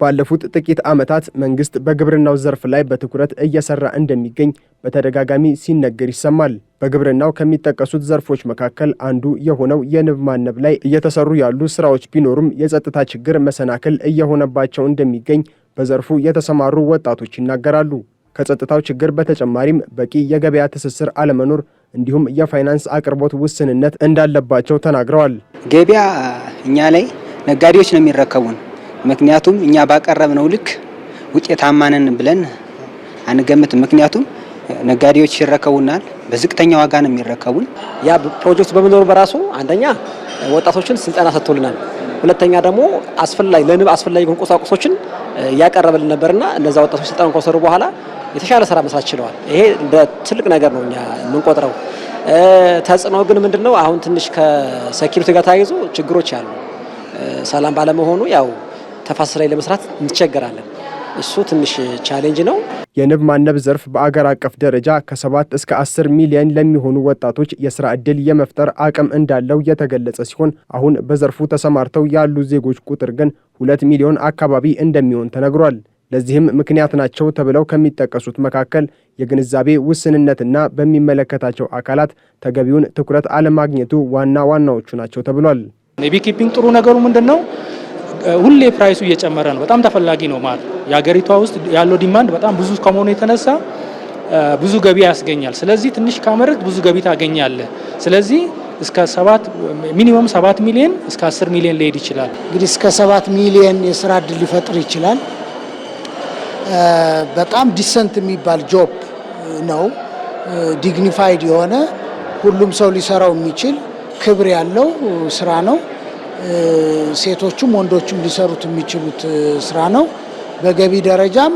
ባለፉት ጥቂት ዓመታት መንግስት በግብርናው ዘርፍ ላይ በትኩረት እየሰራ እንደሚገኝ በተደጋጋሚ ሲነገር ይሰማል። በግብርናው ከሚጠቀሱት ዘርፎች መካከል አንዱ የሆነው የንብ ማነብ ላይ እየተሰሩ ያሉ ስራዎች ቢኖሩም የጸጥታ ችግር መሰናክል እየሆነባቸው እንደሚገኝ በዘርፉ የተሰማሩ ወጣቶች ይናገራሉ። ከጸጥታው ችግር በተጨማሪም በቂ የገበያ ትስስር አለመኖር እንዲሁም የፋይናንስ አቅርቦት ውስንነት እንዳለባቸው ተናግረዋል። ገበያ እኛ ላይ ነጋዴዎች ነው የሚረከቡን ምክንያቱም እኛ ባቀረብነው ልክ ውጤታማንን ብለን አንገምትም። ምክንያቱም ነጋዴዎች ይረከቡናል፣ በዝቅተኛ ዋጋ ነው የሚረከቡን። ያ ፕሮጀክት በመኖሩ በራሱ አንደኛ ወጣቶችን ስልጠና ሰጥቶልናል፣ ሁለተኛ ደግሞ አስፈላጊ ለንብ አስፈላጊ የሆኑ ቁሳቁሶችን ያቀረበልን ነበርና እነዛ ወጣቶች ስልጠና ከወሰዱ በኋላ የተሻለ ስራ መስራት ችለዋል። ይሄ እንደ ትልቅ ነገር ነው እኛ የምንቆጥረው። ተጽዕኖ ግን ምንድን ነው? አሁን ትንሽ ከሴኪሪቲ ጋር ተያይዞ ችግሮች አሉ። ሰላም ባለመሆኑ ያው ተፋሰስ ላይ ለመስራት እንቸገራለን። እሱ ትንሽ ቻሌንጅ ነው። የንብ ማነብ ዘርፍ በአገር አቀፍ ደረጃ ከሰባት እስከ አስር ሚሊዮን ለሚሆኑ ወጣቶች የስራ ዕድል የመፍጠር አቅም እንዳለው የተገለጸ ሲሆን አሁን በዘርፉ ተሰማርተው ያሉ ዜጎች ቁጥር ግን ሁለት ሚሊዮን አካባቢ እንደሚሆን ተነግሯል። ለዚህም ምክንያት ናቸው ተብለው ከሚጠቀሱት መካከል የግንዛቤ ውስንነትና በሚመለከታቸው አካላት ተገቢውን ትኩረት አለማግኘቱ ዋና ዋናዎቹ ናቸው ተብሏል። ቢኪፒንግ ጥሩ ነገሩ ምንድን ነው? ሁሌ ፕራይሱ እየጨመረ ነው። በጣም ተፈላጊ ነው ማር። የሀገሪቷ ውስጥ ያለው ዲማንድ በጣም ብዙ ከመሆኑ የተነሳ ብዙ ገቢ ያስገኛል። ስለዚህ ትንሽ ካመረት ብዙ ገቢ ታገኛለህ። ስለዚህ እስከ ሰባት ሚኒመም ሰባት ሚሊዮን እስከ አስር ሚሊዮን ሊሄድ ይችላል። እንግዲህ እስከ ሰባት ሚሊዮን የስራ እድል ሊፈጥር ይችላል። በጣም ዲሰንት የሚባል ጆብ ነው። ዲግኒፋይድ የሆነ ሁሉም ሰው ሊሰራው የሚችል ክብር ያለው ስራ ነው። ሴቶቹም ወንዶቹም ሊሰሩት የሚችሉት ስራ ነው። በገቢ ደረጃም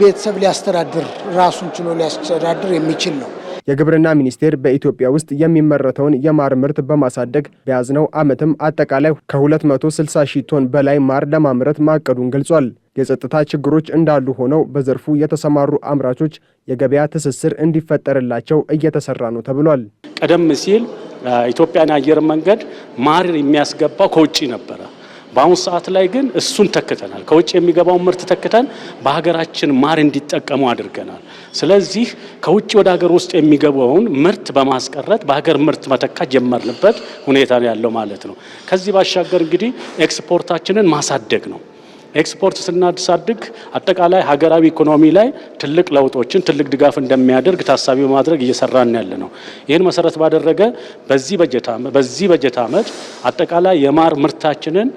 ቤተሰብ ሊያስተዳድር ራሱን ችሎ ሊያስተዳድር የሚችል ነው። የግብርና ሚኒስቴር በኢትዮጵያ ውስጥ የሚመረተውን የማር ምርት በማሳደግ በያዝነው ዓመትም አጠቃላይ ከ260 ሺህ ቶን በላይ ማር ለማምረት ማቀዱን ገልጿል። የጸጥታ ችግሮች እንዳሉ ሆነው በዘርፉ የተሰማሩ አምራቾች የገበያ ትስስር እንዲፈጠርላቸው እየተሰራ ነው ተብሏል። ቀደም ሲል ኢትዮጵያን አየር መንገድ ማር የሚያስገባው ከውጭ ነበረ። በአሁኑ ሰዓት ላይ ግን እሱን ተክተናል። ከውጭ የሚገባውን ምርት ተክተን በሀገራችን ማር እንዲጠቀሙ አድርገናል። ስለዚህ ከውጭ ወደ ሀገር ውስጥ የሚገባውን ምርት በማስቀረት በሀገር ምርት መተካ ጀመርንበት ሁኔታ ነው ያለው ማለት ነው። ከዚህ ባሻገር እንግዲህ ኤክስፖርታችንን ማሳደግ ነው። ኤክስፖርት ስናሳድግ አጠቃላይ ሀገራዊ ኢኮኖሚ ላይ ትልቅ ለውጦችን ትልቅ ድጋፍ እንደሚያደርግ ታሳቢ በማድረግ እየሰራን ያለ ነው። ይህን መሰረት ባደረገ በዚህ በጀት ዓመት አጠቃላይ የማር ምርታችንን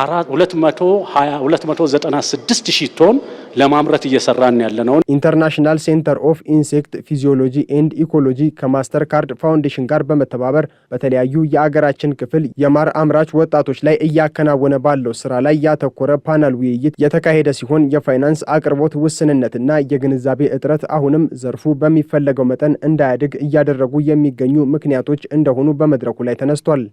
296 ሺህ ቶን ለማምረት እየሰራን ነውን። ኢንተርናሽናል ሴንተር ኦፍ ኢንሴክት ፊዚዮሎጂ ኤንድ ኢኮሎጂ ከማስተር ካርድ ፋውንዴሽን ጋር በመተባበር በተለያዩ የአገራችን ክፍል የማር አምራች ወጣቶች ላይ እያከናወነ ባለው ስራ ላይ ያተኮረ ፓናል ውይይት የተካሄደ ሲሆን የፋይናንስ አቅርቦት ውስንነትና የግንዛቤ እጥረት አሁንም ዘርፉ በሚፈለገው መጠን እንዳያድግ እያደረጉ የሚገኙ ምክንያቶች እንደሆኑ በመድረኩ ላይ ተነስቷል።